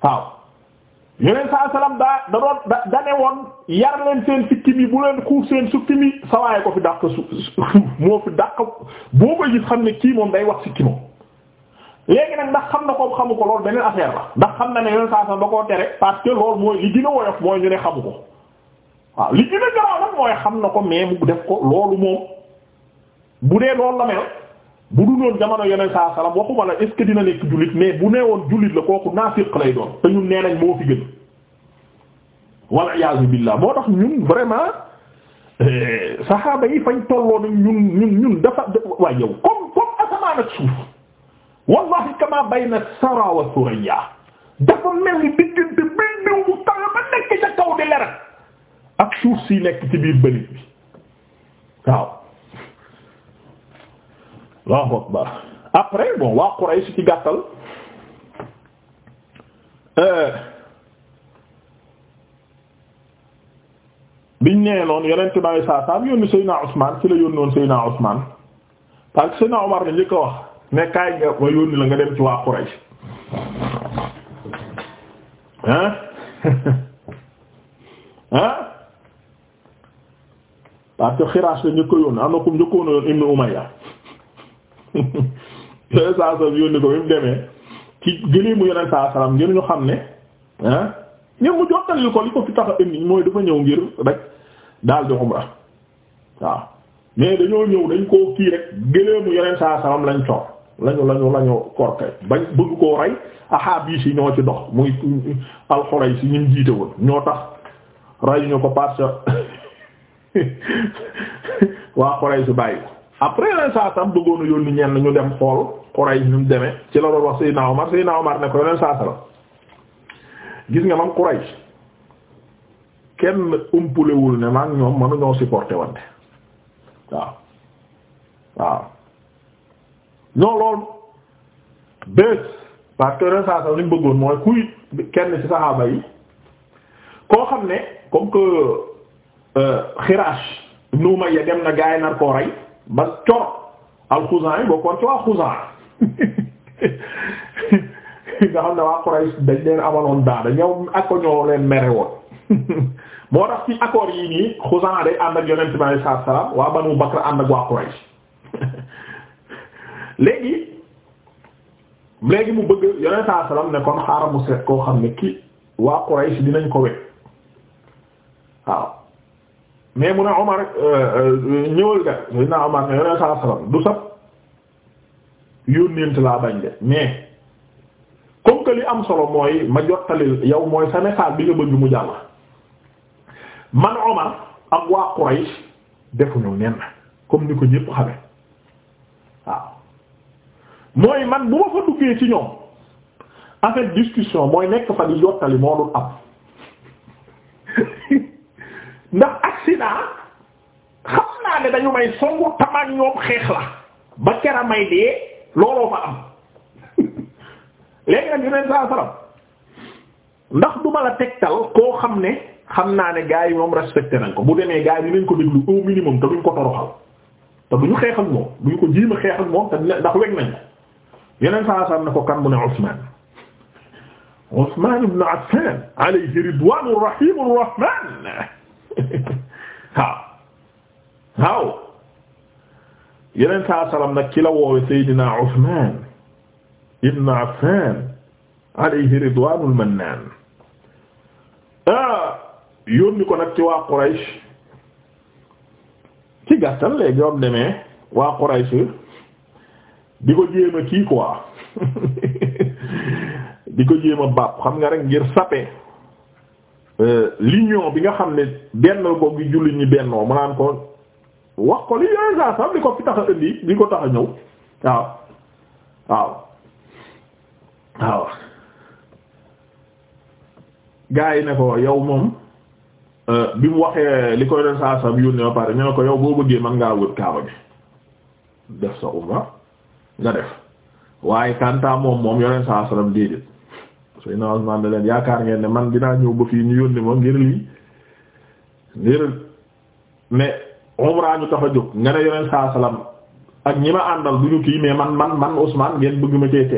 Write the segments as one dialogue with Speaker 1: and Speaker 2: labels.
Speaker 1: waaw yeneen saa salaam daa da da da ne woon yar leen seen sikkim yi bu leen xuuf seen sikkim yi sawaay ko fi dàq su moo fi dàq boo koy gis xam ne kii moom day wax sikki moom léegi nag ndax xam na ko xamu ko loolu beneen affaire la ndax xam na ne yeneen saa salaam da koo tere parce que loolu mooy li gën a woyof mooy ñu ne xamu ko waaw li gën a garaaw mooy xam na ko mais mu def ko loolu moom bu dee loolu la mel bu dundoon jamono yeneen saa salaam waxuma la est ce que dina nekk jullit mais bu nee woon jullit la kooku naafiq lay doon te ñun nee nañ moo fi gën wal iyaazu billah moo tax ñun vraiment eh, saxaaba yi fañ tolloo nag ñun ñun ñun dafa waa yow comme comme asamaan ak suuf wallahi kama bayna sara wa suraya dafa mel ni diggante bay néew bu tàng ba nekk ca kaw di lerat ak suuf si nekk ci biir bëlit bi waaw Allahu akbar après bon waa Quraysh ci gàttal euh, biñ nee noonu yeneen tubaab yi saa saa mu yónni Seyna Ousmane ci la yónnoon Seyna Ousmane parce que Seyna la njëkk wax ne kaay nga ci waa Quraysh hein hein parce que xiraas la njëkk a am na ku njëkkoon a yónni Ibnu Umayya yoneen saa salaam yónni ko bi saa salaam ngir ñu xam ne ah ngir mu jottalil ko li ko fi tax a indi mooy dafa ñëw ngir rek daal di umra waaw mais dañoo ñëw dañ koo kii rek gëléemu yoneen saa salaam lañ coor lañu lañu lañu korkay bañ bëgg koo rey ahaabiis yi ñoo ci dox muy alxurey si ñu jiite woon ñoo tax reyuñu ko parce que waa xurey si bàyyi après leen saa sam bëggoon a yónni ñu dem xool Quraysh ñu demee ci la doon wax Seydina Omar Seydina Omar ne ko leen saa gis nga man Quraysh kenn umpulewul ne maag ñoom manu ñoo supporté wante waaw waaw non loolu bés parce que ren saa bëggoon mooy kuy kenn ci saxaaba yi koo xam ne comme que euh, Xirash ibn Umayya dem na gaay nar koo rey ba coro al-Xuzaa yi bokkoon ci waa Xuzaa nga xam ne waa Quraysh dañ leen amaloon daada ñoom ak ko ñoo leen mere woon moo tax ci accords yi nii Xuzaa day ànd ak Yonent bi sallallahu alayhi wasallam waa Banu Bakr ànd ak waa Quraysh léegi léegi mu bëgg Yonent sallallahu alayhi wasallam ne kon xaaral mu seet koo xam ne ki waa Quraysh dinañ ko wet waaw mais mu ne Omar euh, euh, ñëwal ga Seydina Omar ne yoneen saa salaam du sab yónnent laa bañ de mais comme que li am solo mooy ma jottali yow mooy sa message bi nga bëgg mu jàll man Omar ak waa Quraysh defuñu nen comme ni ko ñépp xame waaw mooy man bu ma fa duggee ci ñoom en fait discussion mooy nekk fa di jottali moo dul am ndax accident xam naa ne dañu may songu tamaak ñoom xeex la ba kera may dee looloo ma am léegi nag yeneen saa salaam ndax duma la tegtal koo xam ne xam naa ne gars yi moom respecté nañ ko bu demee gars yi dinañ ko déglu au minimum te duñ ko toroxal te duñu xeex ak moom duñ ko jiima xeex ak moom te ndax weg nañ ko yeneen saa salaam ne ko kan mu ne Ousmane Ousmane ibn Affan alayhi ridwaanur rahiimur rahmaan waaw waaw yeneen saa salaam nag ki la woowe Seydina Usmaan ibn Affaan alayhi ridwaanul mannaan ah, yónni ko nag ci waa Quraysh ci gàttal léegi yoon demee waa Quraysh di ko jéem a kii quoi di ko jéem a xam nga rek ngir sape Euh, l'union bi nga xam ne benn ko gi julli ñi bennoo mu naan ko wax ko li yooyu saa sax li ko fi tax a li ko tax ñëw waaw waaw waaw gaa yi ne ko yow moom euh, bi mu waxee li koy doon saa sax yónnee ba pare ñu ne ko yow boo bëggee mën ngaa wër kaaba bi def sa umra nga def waaye kanta moom moom yoneen saa salaam déedéet Seydina Usmaan ne leen yaakaar ngeen ne man dinaa ñëw ba fii ñu yónni ma ngir lii ngir ne umra ñu tax jóg nga ne yoneen saa salaam ak ñi ma àndal du kii mais man man man Usmaan ngeen bëgg ma cee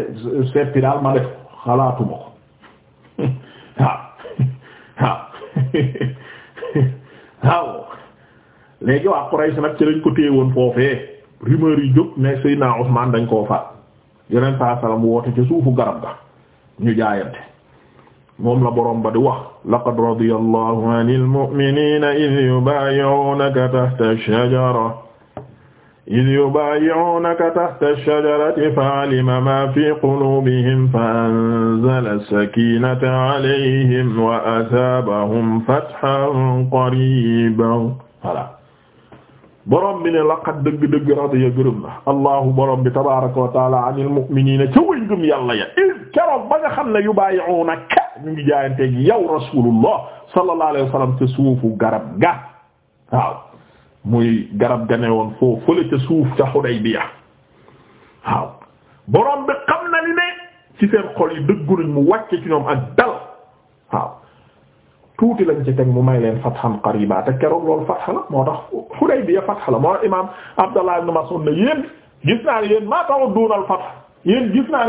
Speaker 1: setti daal ma def xalaatuma ko waaw waaw waaw léegi waa Quraysh nag ci lañ ko téye woon foofee rumeur jóg ne Seydina Usmaan dañ koo faat yoneen saa salaam woote ci suufu garab ga ñu jaayante moom la borom ba di wax laqad radiyallahu anil mu'minina id yubayi'unaka tahta ash-shajara id yubayi'unaka tahta ash-shajarati fa'alima ma fi qulubihim fa anzala as-sakinata alayhim wa athabahum fathan qariban voilà borom bi ne laqad dëgg-dëgg radiya gërëm na allahu borom bi tabaraka wa taala anil mu'minina ca way ngëm yàlla ya keroog ba nga xam ne yubayi'unaka ñu ngi jaayante gi yow rasulullah sallallahu alayhi wasallam te suufu garab ga waaw muy garab ga ne woon foofu fële ca suuf ca Hudaybiya waaw borom bi xam na li ne ci seen xol yi dëggu mu wàcce ci ñoom ak dal tuuti lañ ci teg mu may leen fathan qariba te keroog loolu moo tax Hudaybiya fatha moo tax imaam Abdallah ibn Mas'ud ne yéen gis naa ne yéen maa ta'uduna al-fath yéen gis naa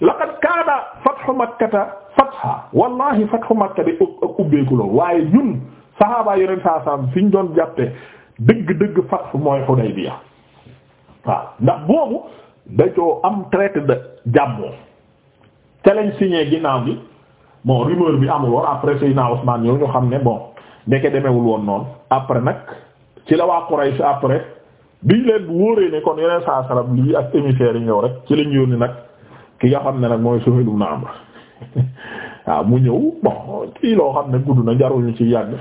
Speaker 1: laqad kaana fathu makkata fatha wallahi fathu makka de ak ubbeeku loolu waaye ñun sahaaba yeneen saa saam fi ñu doon jàppee dëgg-dëgg fathu mooy Hudaybiya waaw ndax boobu ko am traité de jàmmoo te lañ signé ginnaaw bi bon rumeur bi amul woon après Seydina Ousmane ñoo ñu xam ne bon ndeke demewul woon noonu après nag ci la waa Quraysh après biñ leen wóoree ne kon yeneen saa salab lii ak émissaires yi ñëw rek ci lañ yónni nag ki nga xam ne nag mooy Suhayl ibn Amr waaw mu ñëw bon kii loo xam ne gudd na jarul ñu ci yàgg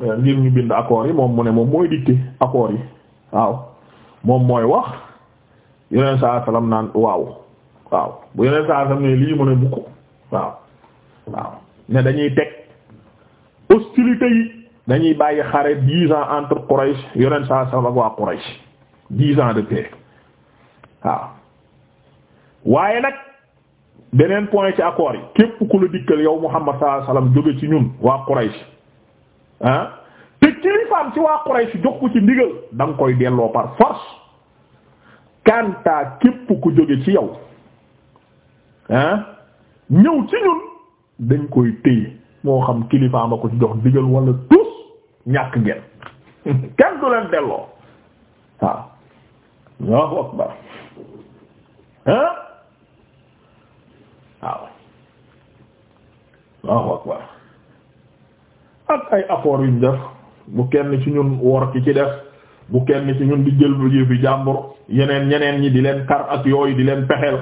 Speaker 1: ngir ñu bind accords yi moom mu ne moom mooy dicté accords moom mooy wax yeneen saa salaam naan waaw waaw bu yeneen saa salaam ne lii mu ne mukk waaw waaw ne dañuy teg hostilité yi dañuy bàyyi xare dix ans entre Quraysh yeneen saa salaam ak waa Quraysh dix ans de paix waaw waaye nag beneen point ci accord yi képp ku la dikkal yow Muhammad sallallahu jóge ci ñun waa Quraysh ah te kilifaam ci waa Quraysh jox ko ci ndigal da koy delloo par force kanta képp ku jóge ci yow ah ñëw ci ñun dañ koy téye moo xam kilifaam a ci jox ndigal wala tous ñàkk ngeen kenn du leen delloo waaw Allahu akbar ah waaw waaw akbar ak ay effort yuñ def bu kenn ci ñun wor ki ci def bu kenn ci ñun di jël ba yëfi jàmbur yeneen ñeneen ñi di leen kar ak yooyu di leen pexeel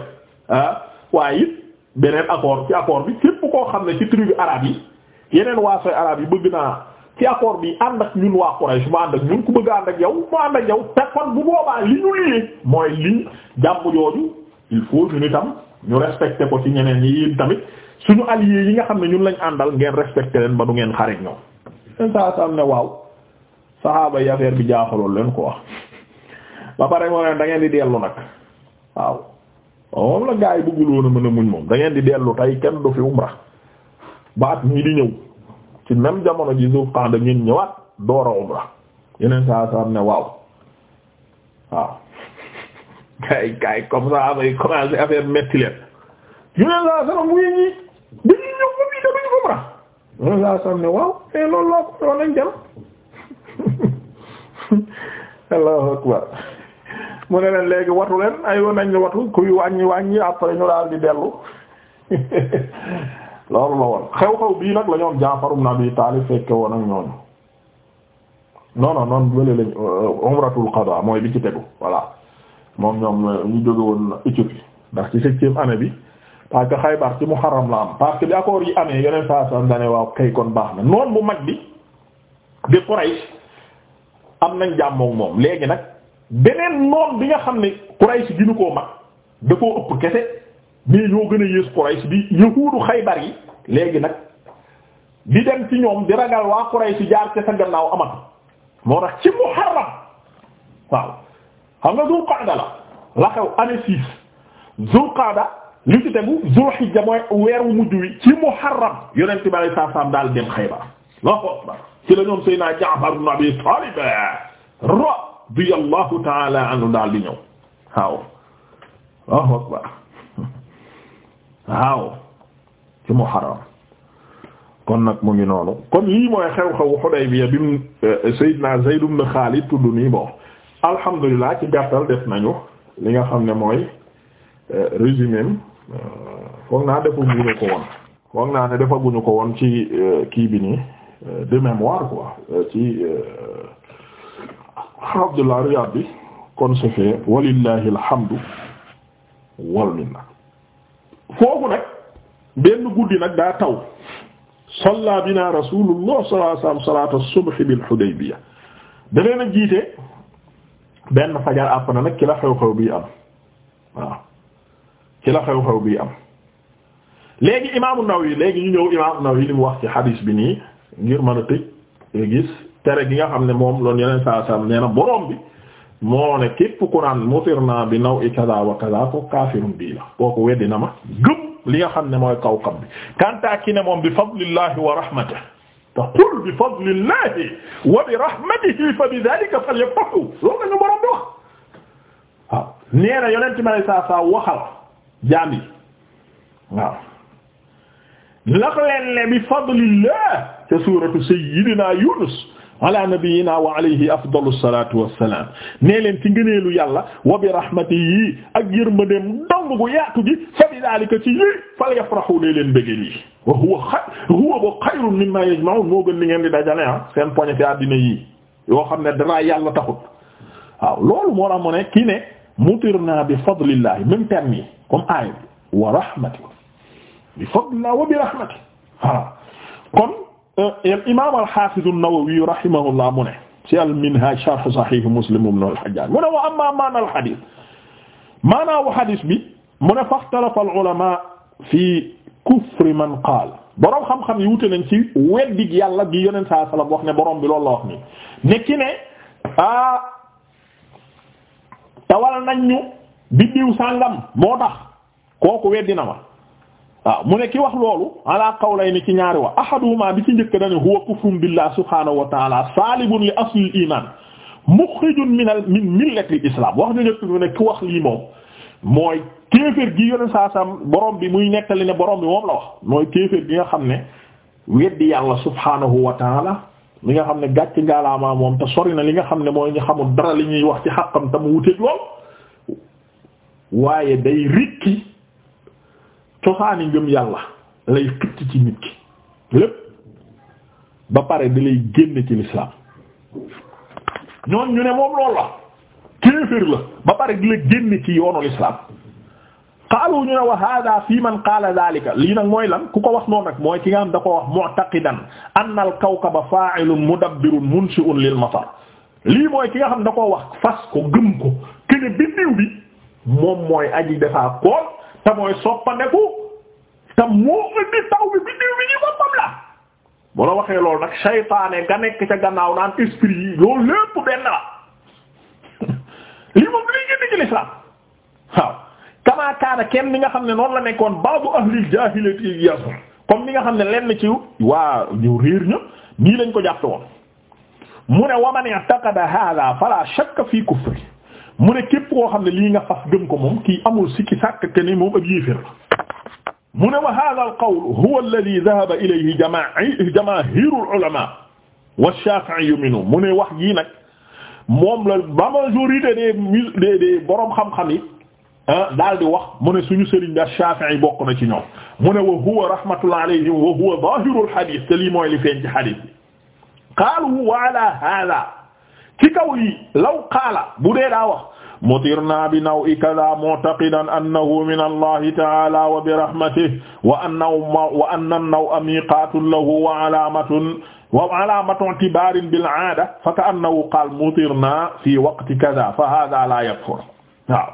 Speaker 1: ah. waaye it beneen accord ci accord bi képp koo xam ne ci tribu arabe yi yeneen waasoy arabe yi bëgg naa ci accord bi ànd ak ñun waa Quraysh mu ànd ak ñun ku bëgg ànd ak yow mu ànd ak yow te bu boobaa li ñu mooy liñ jàmm jooju il faut ñu nitam ñu respecté ko ci ñeneen ñi yéen tamit suñu alliés yi nga xam ne ñun lañ àndal ngeen respecté leen ba du ngeen xare ñoom. yenn saa saa ne bi jaaxaloon leen ko wax pare moo ne di dellu nag waaw moom la di dellu tey kenn du fi umra di ñëw ci jamono ji Zul Qa'da ñun ñëwaat door yeneen saa saa ne waaw waaw. kay kay comme ça amay commencé metti leen yu ne saa sax mu ngi ñii dañuy ñëw ba muy demañu umra yu ne saa sax ne waaw mais eh, loolu laa ko leen léegi watu leen ay woon xew-xew bii nag la ñoom Jaafar ibn Abi fekke woon ñooñu non non noonu bële lañ euh, umratul qada mooy bi ci tegu voilà moom ñoom ñu jóge woon Éthiopie ndax ci septième année bi parce que Xaybar ci Muharram la am parce bi accord yi amee yeneen saa saa dane waaw kay kon baax na noon bu mag bi di Quraysh am nañ jàmmook moom léegi nag beneen noon bi nga xam ne Quraysh ginu ko mag da koo ëpp kese mais yoo gën a yées Quraysh bi yahuudu Xaybar yi léegi nag di dem ci ñoom di ragal waa Quraysh jaar ca sa gannaaw amat moo tax ci Muharram waaw xam nga Zul Qaada la la xew année six Zul Qaada li ci tegu Zul weer wu mujj wi ci Muharram yonent bi alayhi salaam daal dem Xaybar Allahu akbar ci la ñoom Seydina Jaafar ibn Abi Taalib radiyallahu ta'ala anhu daal di ñëw waaw Allahu akbar waaw ci Muharram kon nag mu ngi noonu kon lii mooy xew-xewu Hudaybiya bi eh, Seydina Zayd ibn Xaalid tudd nii bon. alhamdulilah ci gàttal def nañu li nga xam ne mooy euh, résumé euh, foog naa defaguñu ko woon foog naa ne defaguñu ko woon ci euh, kii bi nii de mémoire quoi ci Abdullah Riyad bi kon walillahi alhamdu wal minna foofu nag benn guddi nag daa taw salla bina rasulullah sallallahu alayhi wa sallam bil Hudaybiyah da leen a benn fajar àpp na nag ci la xew-xew bii am waaw ci la xew-xew bii am léegi imaamu Nawawi léegi ñu ñëw imaamu Nawawi li mu wax ci xadiis bi nii ngir mën a tëj gis tere gi nga xam ne moom loolu yeneen saa saa nee na borom bi moo ne képp ku naan mutirna bi naw i kaza wa kaza ko kaafirun bii la kooku weddi na ma gëm li nga xam ne mooy kaw-kaw bi kanta ki ne moom bi fadlillahi wa rahmatihi te qul bi fadlillahi wa bi rahmatihi fa bi dhalika falyafrahu loolu la ñu boroom di wax waaw nee na yonent ma lay saa saa waxal jaam yi waaw lax leen ne bi fadlillah ca suuratu sayyidina Yunus ala nabiyyina wa alayhi afdalu salatu wassalam nee leen ci ngëneelu yàlla wa bi rahmatihi ak yërmandeem dong gu yaatu gi fa bi daalika ci yi fal yafrahu nee leen bëggee lii wa huwa huwa xayrun mimma yajma'un moo gën li ngeen di dajale ah seen poñe fi àddina yi yoo xam ne danaa yàlla taxut waaw loolu moo tax mu ne kii ne mutirna bi fadlillahi même terme yi comme aaya bi wa rahmatihi bi fadlillahi wa bi rahmatihi kon Euh, imaam al-Haafiz an-Nawawi rahimahullah mu ne ci al-Minhaaj sharh Sahih Muslim ibn al-Hajjaaj mu ne wa ammaa maanaa al-hadiis maanaa wa bi mu ne faxtalafa al-ulamaa kufri man qaala boroom xam-xam yi ci weddi gi yàlla gi yonent saa wax ne boroom bi loolu la wax nii nekki ne ah tawal nañ moo tax kooku weddi na ma. waaw mu ne ki wax loolu ala qawlayni ci ñaari wax ahaduhuma bi ci njëkk dane huwa kufrun billahi subhanahu wa ta'ala salibun li asli iman mukhrijun min al min millati al islam wax ñu njëkk mu ne ki wax lii moom mooy kéefër gi yone saa sam borom bi muy nettali ne borom bi moom la wax mooy kéefër gi nga xam ne weddi yàlla subhanahu wa ta'ala li nga xam ne gàcc ngaalaamaa moom te sori na li nga xam ne mooy ñu xamul dara li ñuy wax ci xàqam te mu wuteeg lool waaye day rikki cosaani ngëm yàlla lay xëcc ci nit ki lépp ba pare da lay génne ci l'islam ñoon ñu ne moom loolu la kéefër la ba pare di la génne ci yoonu l'islam xaalu ñu ne wa hada fi man qaala dalika lii nag mooy lan ku ko wax noonu nag mooy ki nga am da ko wax mu'taqidan anna al kawkaba fa'ilun mudabbirun munshi'un lil matar lii mooy ki nga xam da koo wax fas ko gëm ko kene bindiw bi moom mooy aji defaa kool te mooy soppandeku te moo indi taw bi biddiw bi ñuy boppam la bu la waxee loolu nag saytaane ga nekk ca gannaaw naan esprit yi loolu lépp benn la lii moom li génn ci l'islam waaw kamaa kenn ni nga xam ne noonu la nekkoon baabu ahlil jaahiliyati yazum comme ni nga xam ne lenn ci waa ñu réer ña nii lañ ko jàppe woon mu ne waman i'taqada hada fala shakka fi kufri mu ne képp koo xam ne lii nga fas gëm ko moom kii amul sikki sàkk ke ni moom ab yéefér mu ne wax hadha al qawl huwa alladhi dhahaba ilayhi jamaahiru al ulama wa shafi'i mu ne wax yii nag moom la ba majorité des des des boroom xam-xam yi ah, daal di wax mu ne suñu sëriñ bi Shafi'i bokk na ci ñoom mu ne wa huwa rahmatullah alayhim wa huwa zahiru al hadith te lii mooy li feeñ ci hadith bi ci kaw lii law qaala bu dee daa wax mutirna bi naw i kada mu'taqidan annahu min allahi taala wa bi rahmatihi wa anna wa anna an-naw'a miqaatun lahu wa alaamatun wa alaamatu i'tibaarin bil 'aada fa ka'annahu qaala mutirna fi waqti kada fa haadha la yakfur waaw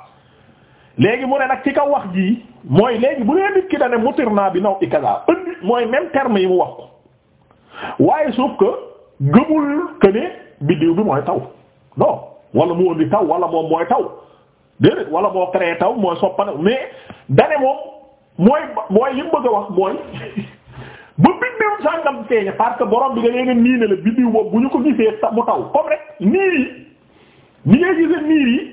Speaker 1: léegi mu ne nag ci kaw wax jii mooy léegi bu dee nit ki da ne mutirna bi naw i kada indi mooy même terme yi mu wax ko waaye suuf que gëmul que ne biddiw bi mooy taw non wala mu indi taw wala moom mooy taw déedéet wala moo créé taw mooy soppana mais dane moom mooy mooy li mu bëgg wax mooy ba biddiw sàngam feeñe parce que borom bi da leen a nii ne la biddiw boobu bu ñu ko gisee mu taw comme rek niir yi ni ngay gisee niir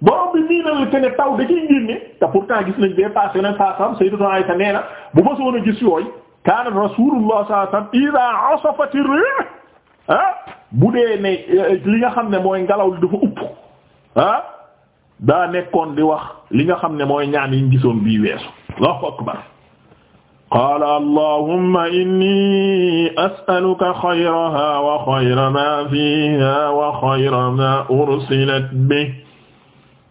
Speaker 1: borom bi nii na la te ne taw da ciy génne te gis nañ bee passé nañ saa sam Sayyidatu Aisha nee na bu ma soon a gis yooyu kaana Rasulullah sallallahu alayhi wasallam ida bu dee ne eh, li nga xam ne mooy ngelaw li dafa upp ah daa nekkoon di wax li nga xam ne mooy ñaan yi ñu gisoon bii weesu allahu akbar qaala allahumma inni as'aluka xayraha wa xayra ma fiha wa xayra ma ursilat bihi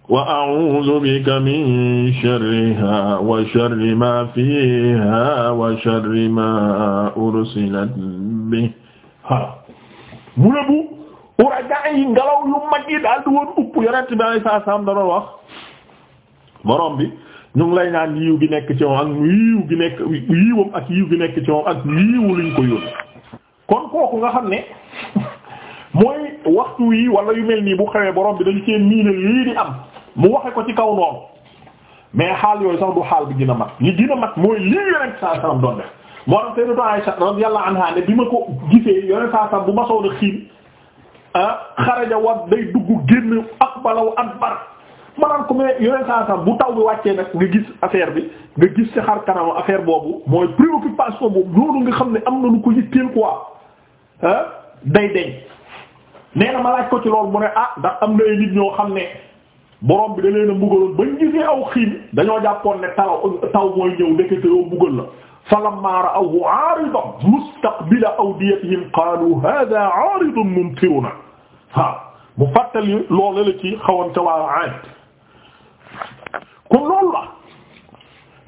Speaker 1: wa a'uuzu bika min sharriha wa sharri ma fiha wa sharri ma ursilat bihi mu ne bu ouragan yi ngelaw yu mag yi daal wo woon upp yonent bi alayhi salaam da doon wax borom bi ñu ngi lay naan yiiw gi nekk ci moom ak yiiw gi nekk yiiwam ak yiiw gi nekk ci moom ak yiiwu luñ ko yónni kon kooku nga xam ni mooy waxtu yi wala yu mel nii bu xewee borom bi dañu cee miine lii di am mu waxe ko ci kaw noonu mais xaal yooyu sax du xaal bi gën a mat li gën a mat mooy lii yonent saa salaam doon moo tax Sayyidatu Aisha radiyallahu anha ne bi ma ko gisee yoneen saa sax bu ma soog a xiin ah xaraja wa day dugg génn aqbala wa adbar ku ne yoneen saa sax bu taw bi wàccee nag nga gis affaire bi nga gis ci xar kanam affaire boobu mooy préoccupation boobu loolu nga xam ne am na lu ko yitteel quoi ah day deñ nee ma laaj ko ci loolu mu ne ah ndax am na ay nit ñoo xam ne borom bi da leen a mbugaloon bañ gisee aw xiin dañoo jàppoon ne taw taw mooy ñëw ndekete yoo la. falammaa ra'awhu aaridan mustaqbila awdiyatihim qaalu haadaa aaridun mumtirunaa waaw mu fàttali loolu la ci xawante waa Aad kon la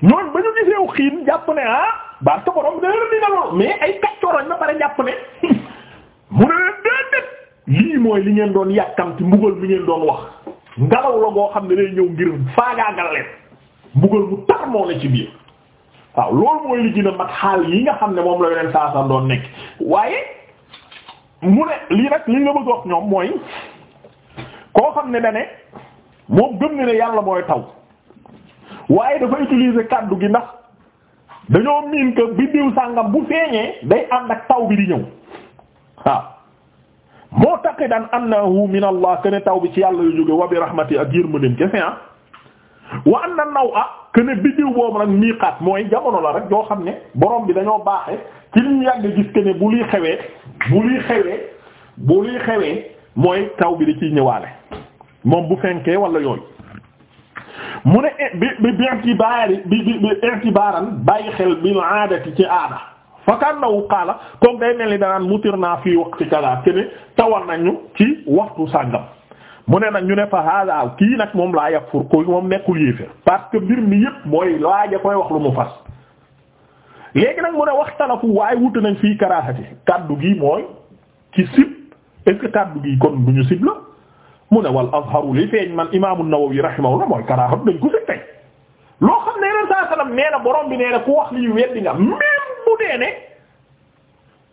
Speaker 1: ñoon ba ñu gisee xiin jàpp ne ah baax na borom dina leen dina lool mais ay kàccooroñ ba pare jàpp ne mu ne leen lii mooy li ngeen doon yàkkamti mbugal mi ngeen doon wax ngelaw la boo xam ne day ñëw ngir faagaagal leen mbugal mu tar moo la ci biir. waaw loolu mooy li gën a xaal yi nga xam ne moom la yeneen saa saa doon nekk waaye mu ne lii nag li nga bëgg wax ñoom mooy koo xam ne da ne moom gëm na ne yàlla mooy taw waaye dafa utilise kàddu gi ndax dañoo miin que biddiw sàngam bu feeñee day ànd ak taw bi di ñëw waaw moo taqi daan annahu min allah ne taw bi ci yàlla yu jóge wa bi rahmati ak yërmandeem kese ah wa anna naw ah que ne biddiw boobu nag miiqaat mooy jamono la rek yoo xam ne borom bi dañoo baaxe ci li ñu yàgg gis que bu luy xewee bu luy xewee mooy taw bi da ciy ñëwaale moom bu fenkee wala yooyu mu ne eh, bi bi bi intibaari bi bi bi bàyyi xel bil aadati ci aada fa kannawu qaala comme day mel ni danaan mutir naa fii waqti kala te ne tawal nañu ci waxtu sàngam mu ne nag ñu ne fa hada kii nag moom laa yakfur ko moom nekkul yéefér parce que mbir mi yëpp mooy a koy wax lu mu fas léegi nag mu ne waxtalafu waaye wute nañ fii karahati kàddu gi mooy ci sib est que kaddu gi kon du ñu sib la mu ne wal azharu li feeñ man imaamu Nawawi rahimahullah mooy karahatu dañ ko sib tey loo xam ne yeneen saa sallam nee na borom bi nee na ku wax lii weddi nga même bu dee ne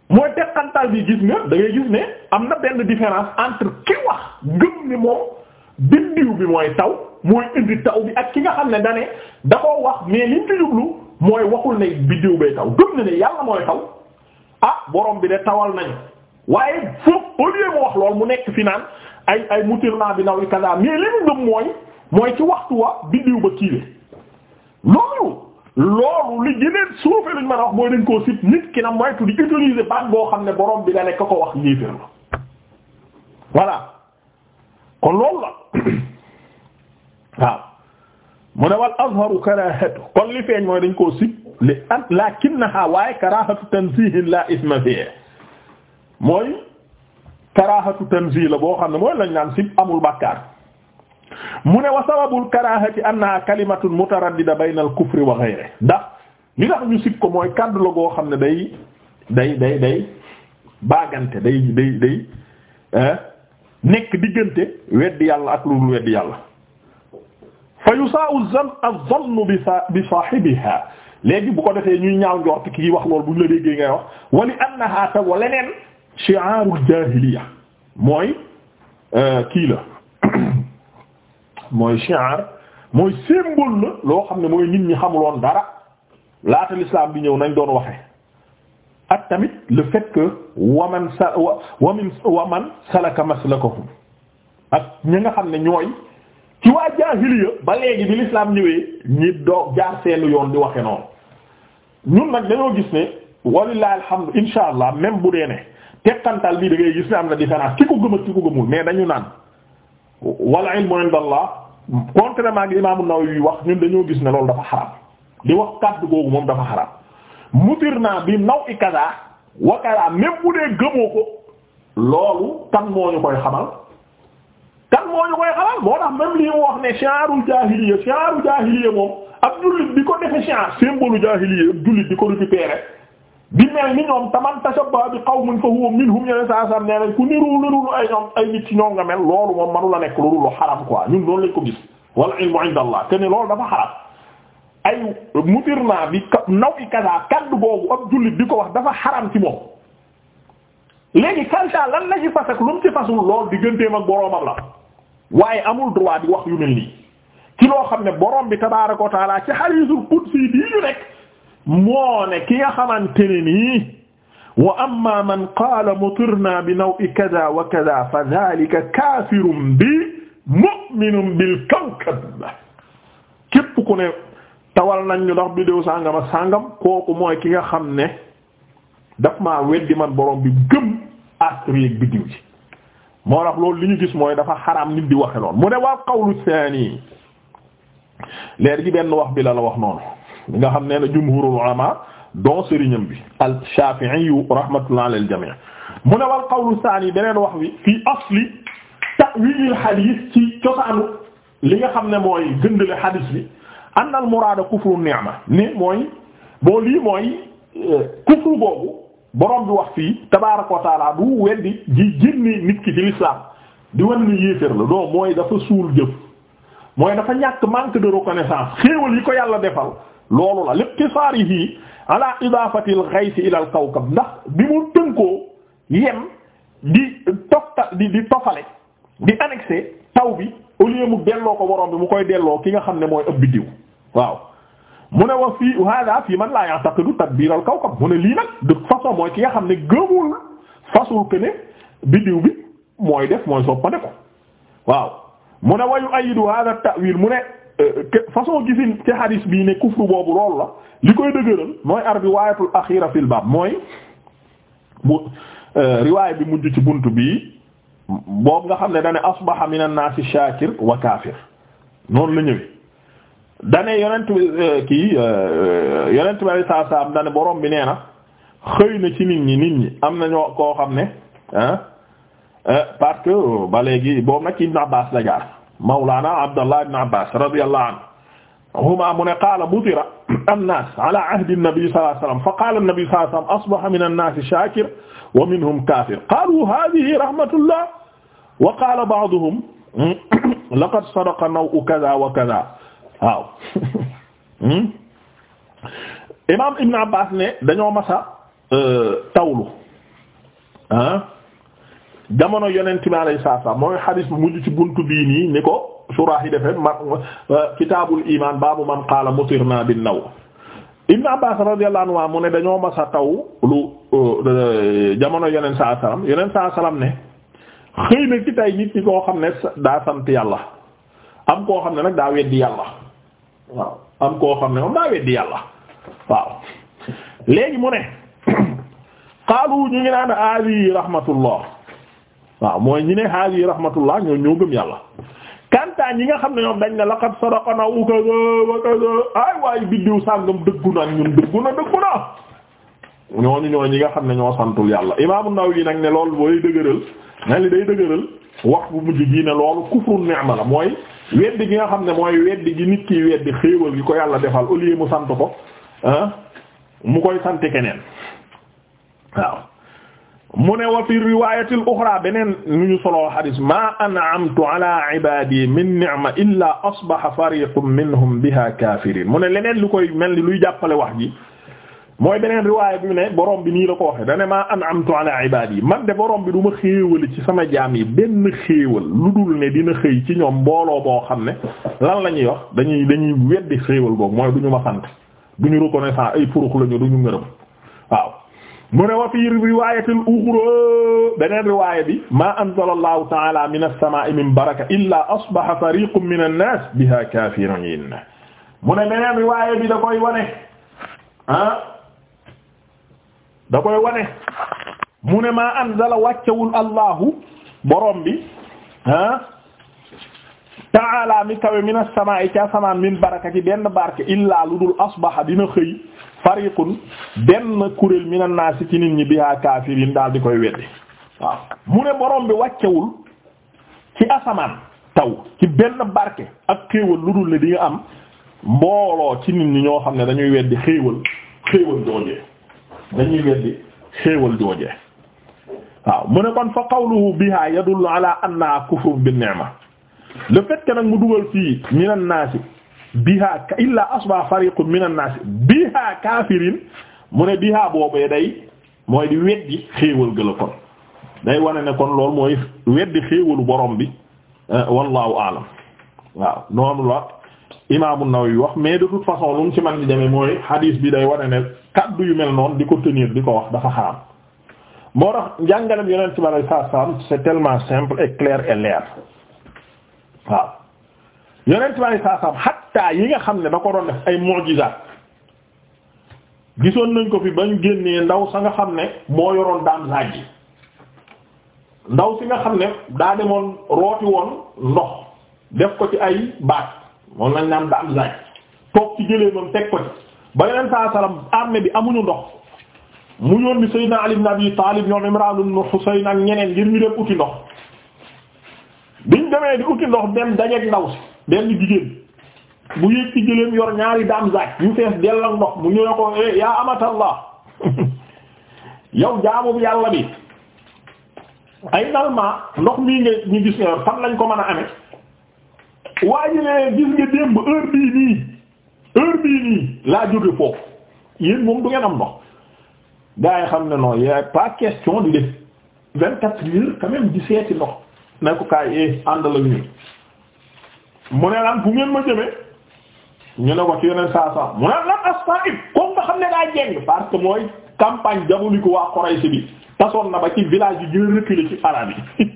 Speaker 1: mooy teqantal bi gis nga da ngay gis ne am na benn différence entre ki wax gëm ni moom bindiw bi mooy taw mooy indi taw bi ak ki nga xam ne da ne da wax mais liñ ci jublu mooy waxul ne bindiw bay taw gëm na ne yàlla mooy taw ah borom bi de tawal nañu waaye foofu au mu wax lool mu nekk fi naan ay ay mutirna bi naw i kaza mais li mu gëm mooy mooy ci waxtu wa bindiw ba kiiwe loolu loolu li gëneen suufe luñ mën a wax mooy dañ koo sib nit ki na moytu di utiliser baat boo xam ne borom bi da nekk ko wax yéefér la voilà kon loolu la waaw mu ne mooy dañ koo sib li an lakinnaha waaye karahatu tanzihin la isma fihi mooy karahatu tanzih la boo xam ne mooy lañ naan sib amul bàkkaar mu ne wa sababul karahati annaha kalimatun mutaraddida bayna al kufri wa ghayrihi ndax li tax ñu sib ko mooy kàddu la goo xam ne day day day day baagante day day day eh, nekk diggante weddi yàlla ak lu dul weddi yàlla fa yusaa'u zan az-zannu bi bi saahibiha léegi bu ko defee ñuy ñaaw njort ki wax loolu bu ñu la déggee ngay wax wali annaha ta wa leneen shi'aarul jaahiliya mooy eh, kii la mooy shi'ar mooy symbole loo xam ne mooy nit ñi xamuloon dara laata l'islam bi ñëw nañ doon waxe ak tamit le fait que waman sa wamin waman salaka maslakahum ak ñi nga xam ne ñooy ci waa jaahiliya ba léegi bi l'islam ñëwee ñi doo jaar seenu yoon di waxe noonu ñun nag dañoo gis ne walillahi alhamdu insha allah même bu dee ne tekkantal bii da gis ne am na di différence ki ko gëm ak ki ko gëmul mais dañu naan wal ilmu indallah contrairement ak Imaam naw nawawi wax ñun dañoo gis ne loolu dafa xaram di wax kàddu googu moom dafa xaram mutir naa bi naw i kaza wa kaza même bu dee gëmoo ko loolu kan moo koy xamal kan moo koy xamal moo tax même li mu wax ne shi'arul jaahiliya shi'arul jaahiliya moom ab jullit bi ko defe shi'ar symbole jaahiliya ab jullit bi ko récupérer di mel ni ñoom taman tashabbaha bi qawmin fa huwa minhum yeneen saa saa nee nañ ku niru niru ay ñoom ay nit ñoom nga mel loolu moom manu nekk loolu lu xaram quoi ko ay mutirna bi naw i kasaa kaddu di ko wax dafa xaram ci moom léegi kanta lan la ci fas lu mu ci fasul lool digganteem ak boroomam la waaye amul droit di wax yu mel nii ci loo xam ne borom bi tabaaraka wa taala ci hadiisul qudsi bii ñu nekk moo ki nga xamante ne nii wa amma man qaala mutirna bi naw'i kaza wa kaza fa dhalika kaafirun bi mu'minun bil kawkab képp ku ne tawal nañ ñu ndax bidéw sàngam ak sàngam kooku mooy ki nga xam ne daf maa weddi man borom bi gëm astri ak biddiw ji moo li ñu gis mooy dafa xaraam nit bi waxe lool mu ne waa qawlu thani leer gi benn wax bi la wax noonu li nga xam ne na jumhurul ulama don sëriñam bi al Shafi'i yu rahmatullah alal jami' mu ne wal qawlu saani beneen wax wi fii asli ta'wilil hadith ci cosaanu li nga xam ne mooy gëndale hadith bi anna al muraada kufru ni'ma ni mooy boo lii mooy euh, kufru boobu borom bi wax fii tabaaraka wa taala du weddi ji génne nit ki ci l'islam di wan ni yéeféer la non mooy dafa suul jëf mooy dafa ñàkk manque de reconnaissance xéewal yi ko yàlla defal loolu la liqtisaarihi ala idaafati al-ghays ila al-kawkab ndax bi mu tënkoo yem di tofta di di tofale di annexé taw bi au lieu mu delloo ko borom bi mu koy delloo ki nga xam ne mooy ëpp biddiw waaw mu ne wa fii hada fii man laa ya'taqidu tadbir al-kawkab mu ne lii nag de façon mooy ki nga xam ne gëmul fasul que ne biddiw bi mooy def mooy soppande ko waaw mu ne wayu ayidu hada ta'wil mu ne façon gisin ci hadis bii ne kufru boobu loolu la li koy dëgëral mooy ar riwaayatul axira fil baab mooy bu euh, riwaay bi mujj ci bunt bi boobu nga xam ne dane asbaha min an-naasi shaakir wa kaafir noonu la ñëwee dane yonent euh, kii euh, yonent bi alei saatu salaam dane borom bi nee na xëy na ci nit ñi nit ñi am na ñoo koo xam ne parce que ba léegi boobu nag ci Ibn la jaar mawlaana abdallah ibn abbas radiyallahu anhuma mu ne qaala mutira annaas ala ahdi nabi sallallahu alayhi wasallam fa qaala nabi sallallahu alayhi wasallam asbaha min annaasi shaakir wa minhum kaafir qaalu haadihi rahmatullah wa qaala ba'duhum hmm, laqad sadaqa naw'u kaza wa kaza waaw hmm. imaam ibn abbas ne dañoo masa euh, tawlu ah jamono yonent bi alayhi salaam mooy xadis bu mujj ci buntu bii nii ni ko suraax yi defee ma kitaabul imaan baabu man qaala mutirna bin naw Ibn Abbas radiyallahu anhu mu ne dañoo masa taw lu uh, jamono yeneen saa salaam yeneen saa salaam ne xëy na ci tay nit ñi koo xam ne daa sant yàlla am koo xam ne nag daa weddi yàlla waaw am koo xam ne moom daa weddi yàlla waaw léegi mu ne xaalu ñu ngi naan aali rahmatullah waaw mooy ñi ne xaar yi rahmatullah ñoo ñoo gëm yàlla kanta yi nga xam ne ñoom dañ ne la sadaqana u kaza wa kaza ay waaye biddiw sàngam dëggu na ñun dëggu na dëggu na ñooñu ñoo ñi nga xam ne ñoo santul yàlla imaamu Nawawi nag ne loolu booy dëgëral na li day dëgëral wax bu mujj gii ne loolu kufru ni'ma la mooy weddi gi nga xam ne mooy weddi gi nit ki weddi xéewal gi ko yàlla defal au mu sant ko ah, mu koy sant keneen waaw mu ne wa fi riwayatil uxra beneen nu ñu soloo xadis ma an'amtu ala ibadi min ni'ma illa asbaha fariqun minhum biha kafirin mu ne leneen lu koy mel ni luy jàppale wax ji mooy beneen riwaaya bi ne borom bi nii la ko waxe dane ma an'amtu ala ibadi man de borom bi du ma xéewali ci sama jaam yi benn xéewal lu dul ne dina xëy ci ñoom mbooloo boo xam ne lan la ñuy wax dañuy dañuy weddi xéewal boobu mooy du ñu ma sant du ñu reconnaissant ay purux la ñu du ñu ngërëm waaw mu ne wa fi riwaayatil uxra beneen riwaaya bi maa anzala allahu taala min as-samaa'i min baraka illa asbaha fariqun min an-naas biha kaafiriin mu ne beneen riwaaya bi da koy wane ah da koy wane mu ne maa anzala wàccewul allahu borom bi ah ta'ala mi kawe min as-samaa'i ca asamaan min barakati benn barke illaa lu dul asbaha dina xëy fariqun benn kuréel min an-naasi ci nit ñi biha kaafiriin daal di koy weddi waaw mu ne borom bi wàccewul ci asamaan taw ci benn barke ak xéewal lu dul ne di am mbooloo ci nit ñi ñoo xam ne dañuy weddi xéewal xéewal joojee dañuy weddi xéewal joojee waaw mu ne kon fa qawluhu biha yadullu ala anna kufrun bin ni'ma le fait que nag mu dugal fii minan naasi biha illa asba fariqun minan naasi biha kaafiriin mu ne biha boobee day mooy di weddi xéewal gëla kon day wane ne kon loolu mooy weddi xéewalu borom bi eh, wallahu alam waaw noonu la imaam an yu wax mais de toute façon lu mu ci man di demee mooy hadis bi day wane ne kàddu yu mel noon di ko tenir di ko wax dafa xaram moo tax njàngalem yonent bi sallallahu alayhi wasallam c'est tellement simple et clair et leer waaw yonent bi saa saam xatta yi nga xam ne da ko doon def ay mu'jizaat gisoon nañ ko fi ba ñu génnee ndaw sa nga xam ne moo yoroon daan laaj yi ndaw si nga xam ne daa demoon rooti woon ndox def ko ci ay baat moom lañ naan daan laaj toog ci jëlee moom teg ko ci ba yonent saa saam bi amuñu ndox mu yónni Seydina Ali ibn Abi Talib ñoom Imran ibn Husayn ak ñeneen ngir ñu dem uti ndox biñ demee di uti ndox dem dajeeg ndaw si benn jigéen mu yéeg ci jëleem yor ñaari daam zaaj ñu fees dell ak ndox mu ñëwee ko eh, yaa amatallah yow jaamu yàlla bi ay nal ma ndox mii nga ñu gis nga fan lañ ko mën a amee waa gis nga démb heure nii heure nii laa jóge foofu yéen moom du ngeen am ndox gaa xam ne non y pas question di def vingt quatre heures di seeti ndox nekkukaay ko kaay eh àndal ak mu ne lan fu ngeen ma jëmee ñu ne ko ci yeneen saa saa mu ne lan asfaib comme nga xam ne daa jeng parce que mooy campagne diabolique waa Quraysh bi tasoon na ba ci village yi ñu reculé ci arabe yi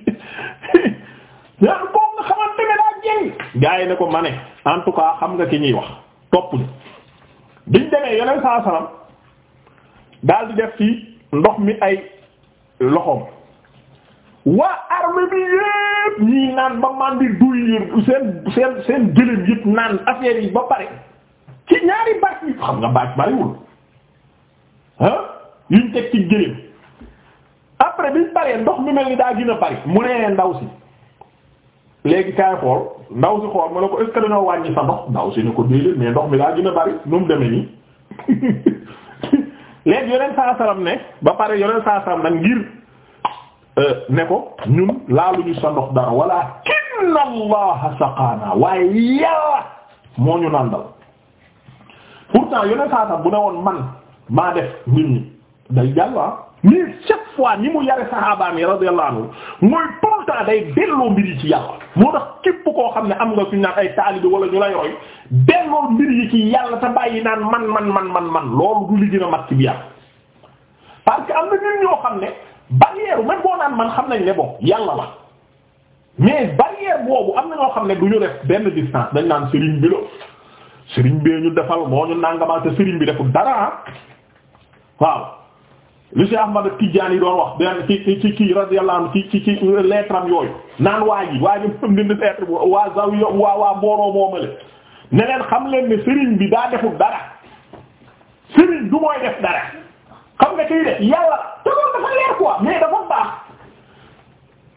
Speaker 1: lan comme nga xamante ne daa jeng. gars ne ko ma ne en tout cas xam nga ki ñuy wax topp ñu biñ demee yeneen saa salaam daal di def ci ndox mi ay loxoom. waa armée bi yépp ñii naan ba man di duy yéen seen seen seen gëléem yépp naan affaire yi ba pare ci ñaari bàcc yi xam nga bàcc bariwul ah yuñ teg ci gëléem après biñ paree ndox mi mel ni daa gën bari mu nee ndaw si léegi kaay xool ndaw si xool mu ne ko est-ce que wàññi sa ndox ndaw si ne ko déedéet mais ndox mi daa gën a bari nu mu demee nii léegi yoneen saa salaam ne ba pare yoneen saa salaam nag ngir. Euh, ne ko ñun laaluñu sa ndox dara wala inna allaha saqaana waaye yàlla moo ñu nandal pourtant yoneen saatam bu ne woon man maa def mbir ñi day jàlla ah. mais chaque fois ni mu yare sahabaam yi radiyallahu anhu mooy tout temps day delloo mbir yi ci yàlla moo tax képp koo xam ne am nga suñu naan ay taalibi wala ñu lay roy delloo mbir yi ci yàlla te bàyyi naan man man man man man loolu du li mat ci bi yàlla parce am na ñun ñoo xam ne barrière man boo naan man xam nañ ne bon yàlla la mais barrière boobu am na ñoo xam ne du ñu def benn distance dañ naan sëriñ bi la sëriñ bee ñu defal moo ñu nangamal te sëriñ bi deful dara ah. waaw li si Ahmad Tidiane yi doon wax benn ci ci kii radiyallahu anhu ci ci ci lettre yooyu naan waa ji waa ji moom dindi lettre waa zawiya waa waa mbooloo moomale ne leen xam leen ne sëriñ bi daa deful dara sëriñ du mooy def dara xam nga kii de yàlla te loolu dafa leer quoi mais dafa baax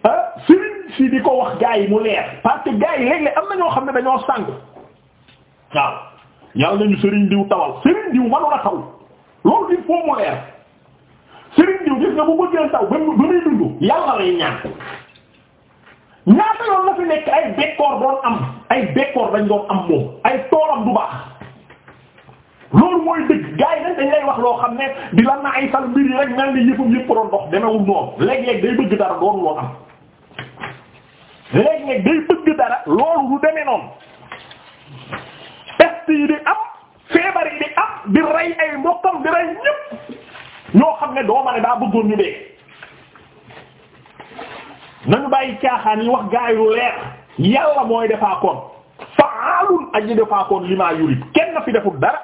Speaker 1: ah sëriñ si di ko wax gaa yi mu leer parce que gaa yi léeg-léeg am na ñoo xam ne dañoo sànq waaw yàlla nañu sëriñ diw tawal sëriñ diw manu la taw loolu il faut mu leer sëriñ diw gis nga bu bëggee taw ba mu ba muy dund yàlla lay ñaan ñaata yoon la fi nekk ay bekkoor doon am ay bekkoor dañ doon am moom ay toolam du baax loolu mooy dëgg gaa yi dañ lay wax loo xam ne di la na ay sal mbir yi rek mel ni yëfum yëpp doon dox demewul noonu léeg-léeg day bëgg dara doonu loo am léeg day bëgg dara loolu lu demee noonu peste yi feebar yi di xam ne doo ma daa bëggoon ñu dee bàyyi caaxaan yi wax gaay lu leer yàlla mooy defaa koon faalul aji defaa koon limaa yurid kenn fi deful dara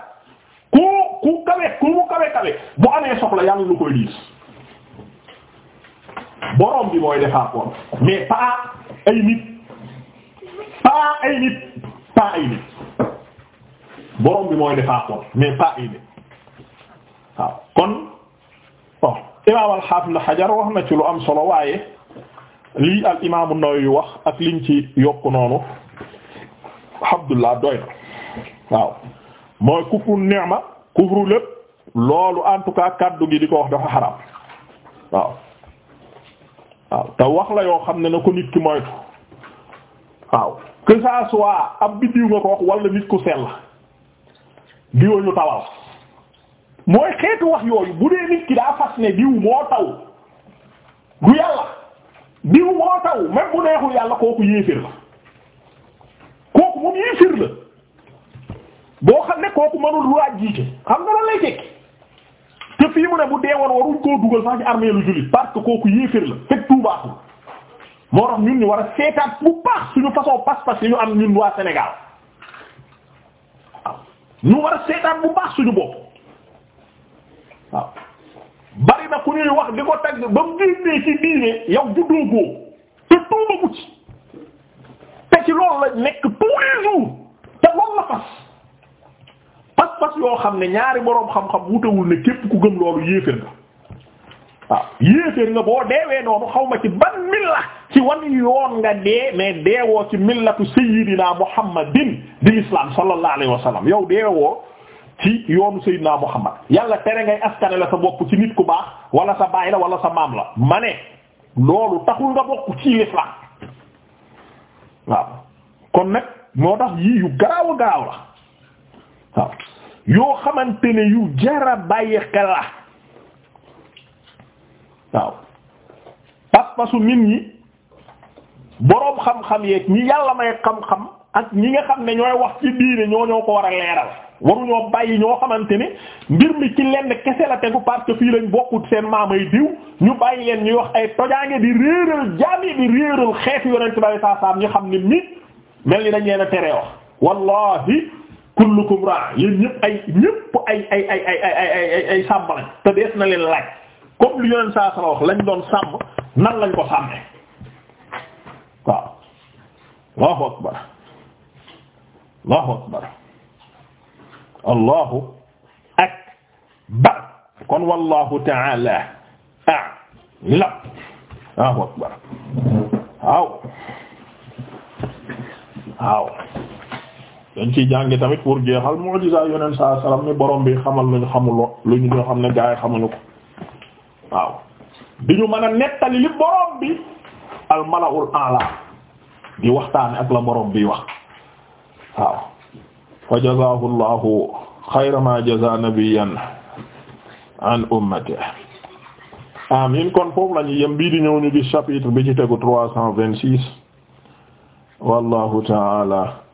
Speaker 1: ku ku kawe ku mu kawe kawe bu amee soxla yàlla lu koy diis borom bi mooy defar ko mais pas ay nit pas ay nit pas ay nit borom bi mooy defar ko mais pas ay nit waaw kon imaam al-Hafiz Ibn wax na ci lu am solo waaye lii al imaam an-Nawawi wax ak liñ ci yokk noonu Abdullah doy na waaw mooy kufru ni'ma kufru lépp loolu en tout cas kaddu gi di ko wax dafa xaram waaw waaw te wax la yoo xam ne na ko nit ki moytu waaw que ça soit ab biddiw nga ko wax wala nit ku sell diwa ñu tawal diw moo taw du yàlla diw moo taw même bu neexul yàlla kooku yéefir la kooku moom yéefir la boo xam ne kooku mënul waa jiite xam nga lan lay tekki te fii mu ne bu dee woon waruñ koo dugal sax ci armée lu jullit parce que kooku yéeféer la fekk tuubaaxul moo tax ñun ñu war a seetaat bu baax suñu façon passe-passe yi ñu waa Sénégal waaw ñu bu baax suñu bopp waaw bari na ku ñuy wax di ko tagg ba mu génnee ci diine yow juddoo góob te tuuba ci te ci loolu la nekk tous les te loolu la fas pas-pas yoo xam ne ñaari boroom xam-xam wutewul ne képp ku gëm loolu yéeféer nga waaw yéeféer nga boo deewee noonu xaw ma ci ban milla ci wan yoon nga dee mais deewoo ci millatu sayyidina muhammadin di l'islam sallallahu alayhi wa sallam yow deewoo ci yoonu sayyidina muhammad yàlla tere ngay askane la sa bokk ci nit ku baax wala sa baay la wala sa maam la ma ne loolu taxul nga bokk ci l'islam waaw kon nag moo tax yii yu garaaw a garaaw la waaw yoo xamante ne yu jara bàyyi xel la waaw pas-pasu nit ñi boroom xam-xam yeeg ñi yàlla may xam-xam ak ñi nga xam ne ñooy wax ci diine ñoo ñoo ko war a leeral waruñoo bàyyi ñoo xamante ne mbir mi ci lenn kese la tegu parce que fii lañ bokkut seen maamay diw ñu bàyyi leen ñuy wax ay tojaange di réeral jaam yi di réeral xeetu yonent bi sallallahu alayhi ñu xam ne nit mel ni dañ leen a tere wax wallahi kullukum ra yéen ñëpp ay ñëpp ay ay ay ay ay ay ay ay sàmm lañ te dees na leen laaj comme li yoneen saa sala wax lañ doon sàmm nan lañ ko sàmmee waaw allahu akbar allahu akbar allahu akbar kon wallahu ta'ala a'lam allahu akbar waaw waaw dañ ciy jàngi tamit pour jeexal mu'jiza yoneen saa salaam ni borom bi lu ñu xamuloo lu ñu ñoo xam ne gaa yi xamuñu ko waaw di ñu mën a nettali li borom bi al mala'ul a'la di waxtaane ak la borom bi wax waaw fa jazaahu llahu xayra ma jazaa nabiyyan an ummatihi amin kon foofu la ñu yem bii di ñëw ñu gis chapitre bi ci tegu trois cent vingt-six wallahu ta'ala